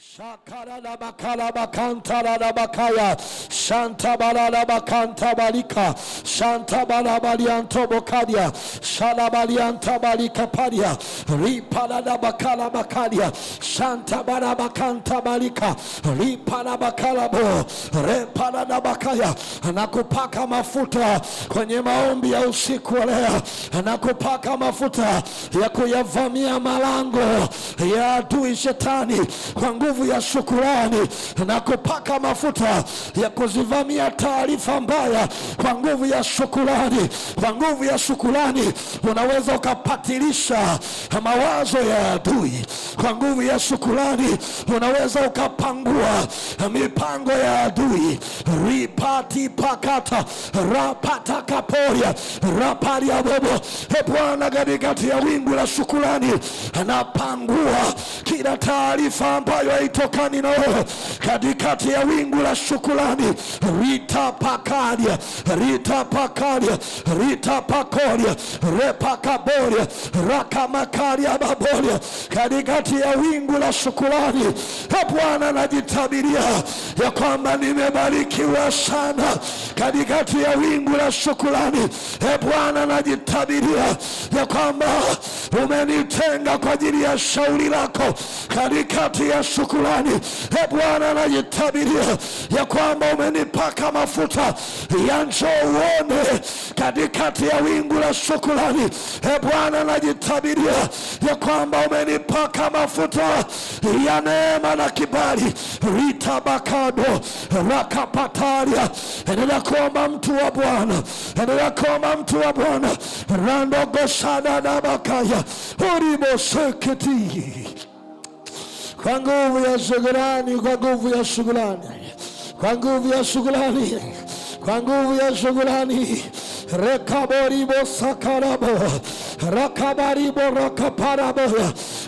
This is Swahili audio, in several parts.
shakaradabakarabakantaraabakaya shantabararabakantabalika shantabarabaliantobokaria shalabaliantabalikaparia riparadabakarabakaria shantabarabakantabalika riparabakarabo reparadabakaya na mafuta kwenye maombi ya usiku wa leo na mafuta ya kuyavamia malango ya adui shetani kwangu nguvu ya shukurani na kupaka mafuta ya kuzivamia taarifa mbaya kwa nguvu ya shukurani. Kwa nguvu ya shukurani unaweza ukapatilisha mawazo ya adui. Kwa nguvu ya shukurani unaweza ukapangua mipango ya adui. ripati pakata rapata kaporia rapari abobo. E Bwana, katikati ya wingu la shukurani anapangua kila taarifa ambayo haitokani na wewe. Katikati ya wingu la rita ritapakadia ritapakadia ritapakodia repakaboria rakamakaria baboria. Katikati ya wingu la shukrani Bwana najitabiria ya kwamba nimebarikiwa sana. Katikati ya wingu la shukrani Bwana najitabiria ya kwamba umenitenga kwa ajili ya shauri lako katikati ya shukurani. E Bwana, najitabiria ya kwamba umenipaka mafuta ya njoo uone katikati ya wingu la shukurani. E Bwana, najitabiria ya kwamba akanipaka mafuta ya neema na kibali bakado rakapataria. Endelea kuomba mtu wa Bwana, endelea kuomba mtu wa Bwana randogoshana na bakaya uriboseketi kwa nguvu ya shukrani, kwa nguvu ya shukrani, kwa nguvu ya shukrani, kwa nguvu ya shukrani rekaboribo sakarabo rakabaribo rakaparabo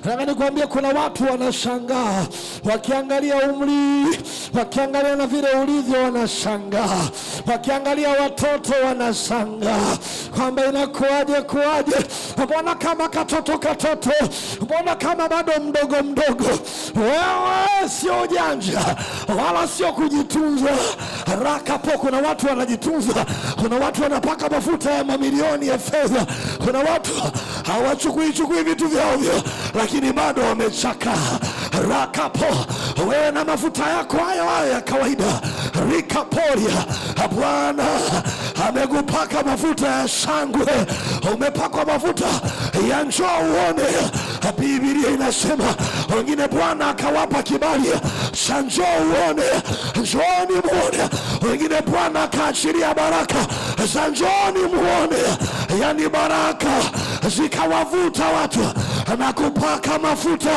Nataka nikwambie kuna watu wanashangaa, wakiangalia umri, wakiangalia na vile ulivyo, wanashangaa, wakiangalia watoto wanashangaa kwamba inakuaje kuaje, mbona kama katoto katoto, mbona kama bado mdogo mdogo. Wewe sio janja wala sio kujitunza rakapo. Kuna watu wanajitunza, kuna watu wanapaka mafuta ya mamilioni ya fedha, kuna watu hawachukui chukui vitu vyaovyo, lakini bado wamechakaa. Rakapo wewe na mafuta yako hayo hayo ya kawaida rikaporia. Bwana amekupaka mafuta ya shangwe, umepakwa mafuta ya njoo uone. Biblia inasema wengine Bwana akawapa kibali cha njoo uone, njooni muone. Wengine Bwana akaachiria baraka za njooni muone, yani baraka zikawavuta watu na kupaka mafuta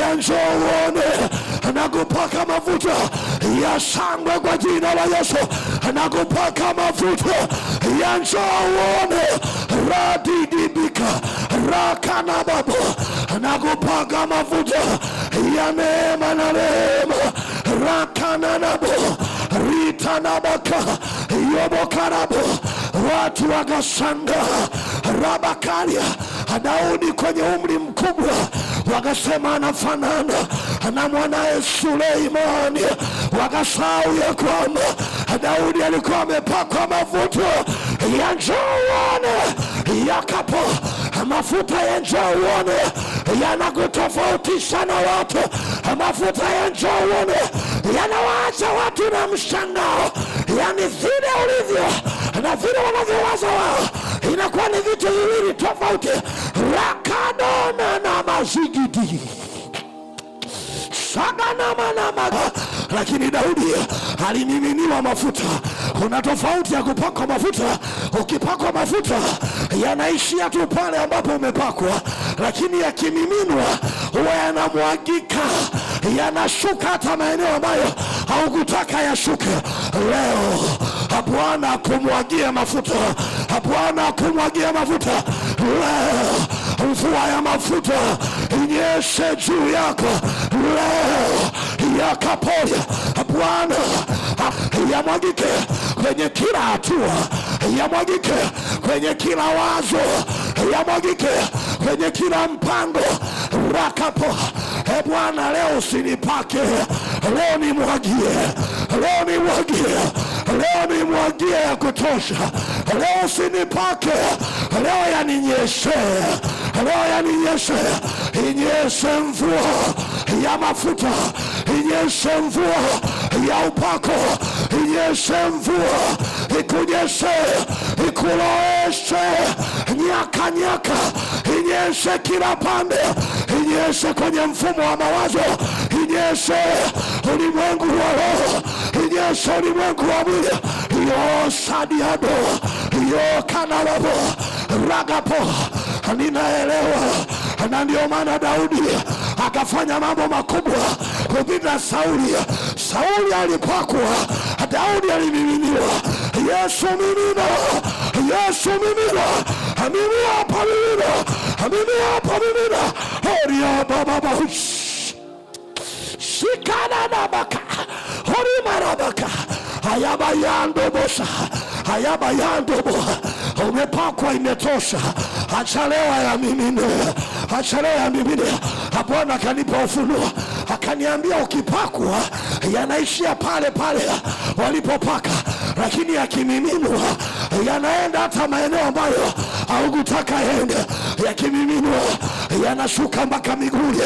ya njoo uone na kupaka mafuta ya shangwe kwa jina la Yesu na kupaka mafuta ya njoo uone radidibika rakanababo babo na kupaka mafuta ya neema na rehema rakananabo ritanabaka yobokarabo watu wakashangaa Rabakaria. Daudi kwenye umri mkubwa, wakasema anafanana na mwanaye Suleimani, wakasahau ya kwamba Daudi alikuwa amepakwa mafuta ya njauone yakapo mafuta ya njauone yanakutofautisha na watu. Mafuta ya njauone yanawaacha watu na mshangao, yani vile ulivyo na vile sauti rakadona na mazigidi saganamanama lakini Daudi alimiminiwa mafuta. Kuna tofauti ya kupakwa mafuta. Ukipakwa mafuta yanaishia tu pale ambapo umepakwa, lakini yakimiminwa huwa yanamwagika, yanashuka hata maeneo ambayo haukutaka yashuke. Leo Bwana kumwagia mafuta Bwana kumwagia mafuta leo. Mvua ya mafuta inyeshe juu yako leo, yakapoya Bwana yamwagike kwenye kila hatua, yamwagike kwenye kila wazo, yamwagike kwenye kila mpango rakapo. E Bwana, leo usinipake, leo nimwagie, leo nimwagie, leo nimwagie ya kutosha leo usinipake leo, yaninyeshe leo, yaninyeshe, inyeshe mvua ya mafuta, inyeshe mvua ya upako, inyeshe mvua, ikunyeshe, ikuloeshe nyaka nyaka, inyeshe kila pande, inyeshe kwenye mfumo wa mawazo, inyeshe ulimwengu wa roho, inyeshe ulimwengu wa mwili yosadiado yokanalavo ragapo. Ninaelewa, na ndio maana Daudi akafanya mambo makubwa kupita Sauli. Sauli alipakwa, Daudi alimiminiwa. Yesu mimina, Yesu mimina, mimina hapa, mimina, mimina hapa, mimina horia bababa shikana nabaka horimarabaka ayabayandobosa hayaba yandobo umepakwa, imetosha, achalewa ya mimine, achalewa ya mimine. Bwana akanipa ufunua akaniambia, ukipakwa yanaishia pale pale walipopaka, lakini yakimiminwa yanaenda hata maeneo ambayo haukutaka yende. Yakimiminwa yanashuka mpaka miguli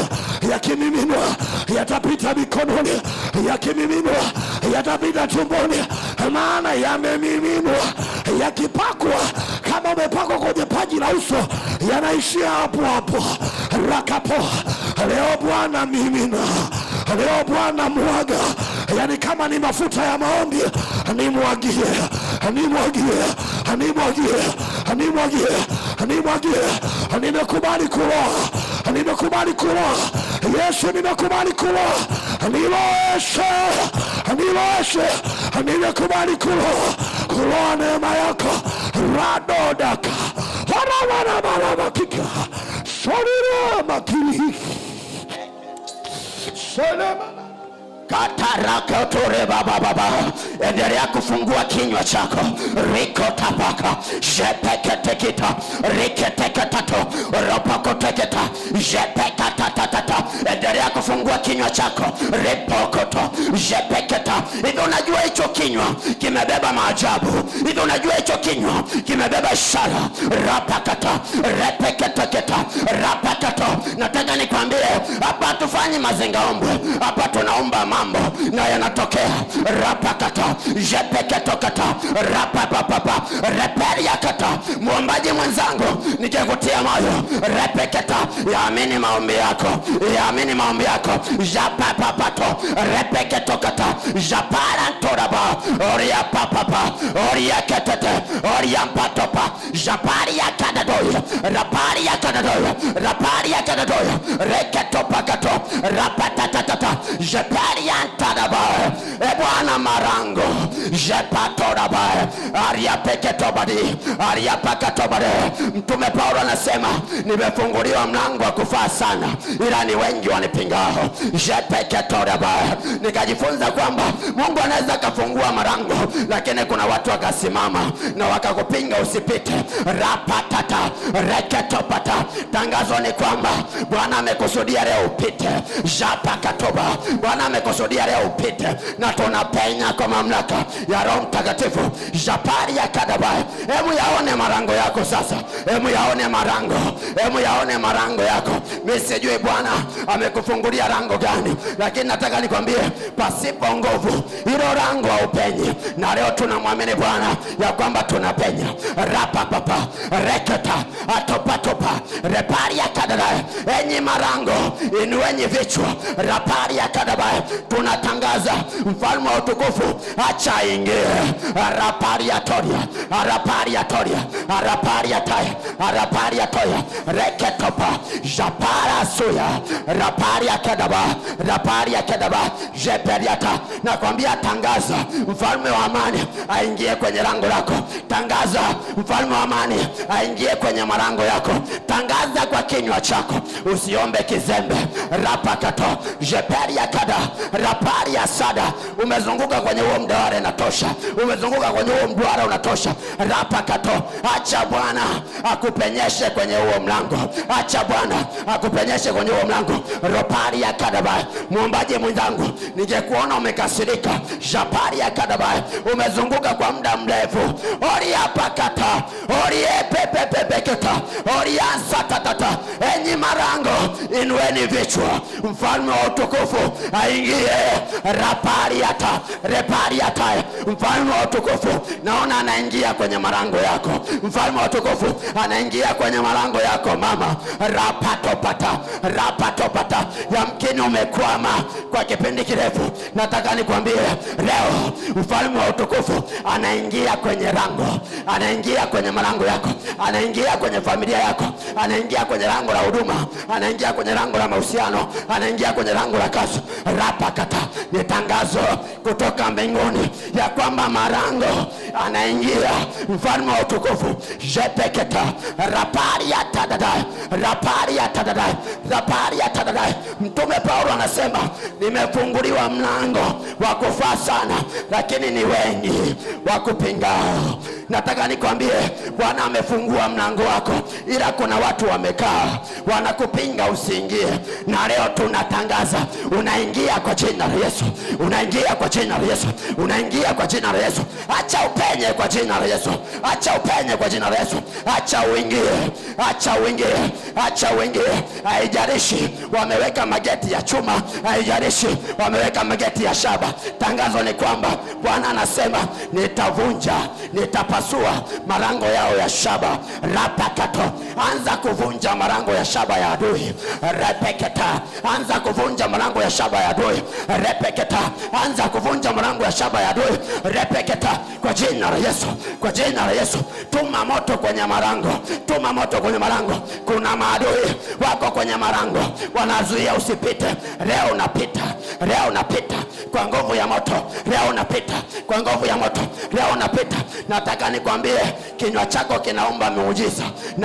yakimiminwa yatapita mikononi, yakimiminwa yatapita tumboni maana yamemiminwa, yakipakwa kama umepakwa kwenye paji la uso yanaishia hapo hapo. Rakapo leo Bwana mimina, leo Bwana mwaga, yani kama ni mafuta ya maombi, nimwagie, nimwagie, nimwagie, nimwagie, nimwagie. Nimekubali kuloa, nimekubali kuloa, Yesu, nimekubali kuloa, niloeshe, niloeshe nimekubali kuloa kuloa neema yako radodaka warawarabaramakika solira makirihiki selema katarakaotore bababa, endelea kufungua kinywa chako rikotapaka jepeketekita riketeketato ropokoteketa jepekatatatata, endelea kufungua kinywa chako ripokoto jepeketa. Hivi unajua hicho kinywa kimebeba maajabu? Hivi unajua hicho kinywa kimebeba ishara? rapakata repeketeketa rapakato. Nataka nikwambie hapa tufanyi mazingaombwe, hapa tunaomba mama mambo na yanatokea rapakata jepeketokata rapapapapa reperiakata. Mwombaji mwenzangu, nikikutia moyo repeketa, yaamini maombi yako, yaamini maombi yako, japapapato repeketokata japarantoraba oriapapapa oriaketete oriampatopa japariakadadoya rapariakadadoya rapariakadadoya reketopakato rapatatata japari yantadabae ebwana marango jepatorabae ariapeketobadi ariapakatobade. Mtume Paulo anasema nimefunguliwa mlango wa kufaa sana, ila ni wengi wanipingao. jepeketorabae nikajifunza kwamba Mungu anaweza akafungua marango, lakini kuna watu wakasimama na wakakupinga usipite. rapatata reketopata. Tangazo ni kwamba Bwana amekusudia leo upite. japakatoba Bwana kusudia leo upite, na tunapenya kwa mamlaka ya Roho Mtakatifu japari ya kadabaya. Hebu yaone marango yako sasa, hebu yaone marango, hebu yaone marango yako. Mimi sijui Bwana amekufungulia rango gani, lakini nataka nikwambie, pasipo nguvu hilo rango haupenyi, na leo tunamwamini Bwana ya kwamba tunapenya rapapapa reketa atopatopa repari ya kadabaya. Enyi marango inuenyi vichwa rapari ya kadabaya tunatangaza mfalme wa utukufu acha ingie. arapariatoria arapariatoria arapariataya toya reketopa kedaba rapariakedaba kedaba jeperiata. Nakwambia tangaza, mfalme wa amani aingie kwenye lango lako. Tangaza, mfalme wa amani aingie kwenye marango yako. Tangaza kwa kinywa chako, usiombe kizembe. rapakato jeperiakada rapari ya sada. Umezunguka kwenye huo mduara inatosha, umezunguka kwenye huo mdwara unatosha. Rapa kato, acha Bwana akupenyeshe kwenye huo mlango, acha Bwana akupenyeshe kwenye huo mlango. Rapari ya kadaba, muombaji mwenzangu, ningekuona umekasirika. Japari ya kadaba, umezunguka kwa muda mrefu. Ori hapa kata, ori epe ori ansa tatata. Enyi marango, inueni vichwa mfalme wa utukufu aingie, rapariata repariata, mfalme wa utukufu naona anaingia kwenye marango yako, mfalme wa utukufu anaingia kwenye marango yako mama, rapatopata rapatopata, yamkini umekwama kwa kipindi kirefu. Nataka nikwambie leo, mfalme wa utukufu anaingia kwenye rango anaingia kwenye marango yako, anaingia kwenye familia yako, anaingia kwenye rango la huduma, anaingia kwenye rango la mahusiano anaingia kwenye lango la kazi. Rapa kata ni tangazo kutoka mbinguni ya kwamba marango anaingia mfalme wa utukufu. jepeketa rapari ya tadada rapari ya tadada rapari ya tadada. Mtume Paulo anasema nimefunguliwa mlango wa kufaa sana, lakini ni wengi wa kupinga Nataka nikwambie Bwana amefungua mlango wako, ila kuna watu wamekaa wanakupinga usiingie, na leo tu unatangaza, unaingia kwa jina la Yesu, unaingia kwa jina la Yesu, unaingia kwa jina la Yesu. Acha upenye kwa jina la Yesu, acha upenye kwa jina la Yesu, acha uingie, acha uingie, acha uingie. Haijalishi wameweka mageti ya chuma, haijalishi wameweka mageti ya shaba. Tangazo ni kwamba Bwana anasema nitavunja, nitapasua marango yao ya shaba. Rapakato, anza kuvunja marango ya shaba ya adui. Repeketa, anza kuvunja mlango ya shaba ya adui repeketa, anza kuvunja mlango ya shaba ya adui repeketa, kwa jina la Yesu, kwa jina la Yesu, tuma moto kwenye marango tuma moto kwenye marango Kuna maadui wako kwenye marango wanazuia usipite. Leo unapita, leo unapita kwa nguvu ya moto, leo unapita kwa nguvu ya moto, leo unapita. Nataka nikwambie, kinywa chako kinaomba miujiza na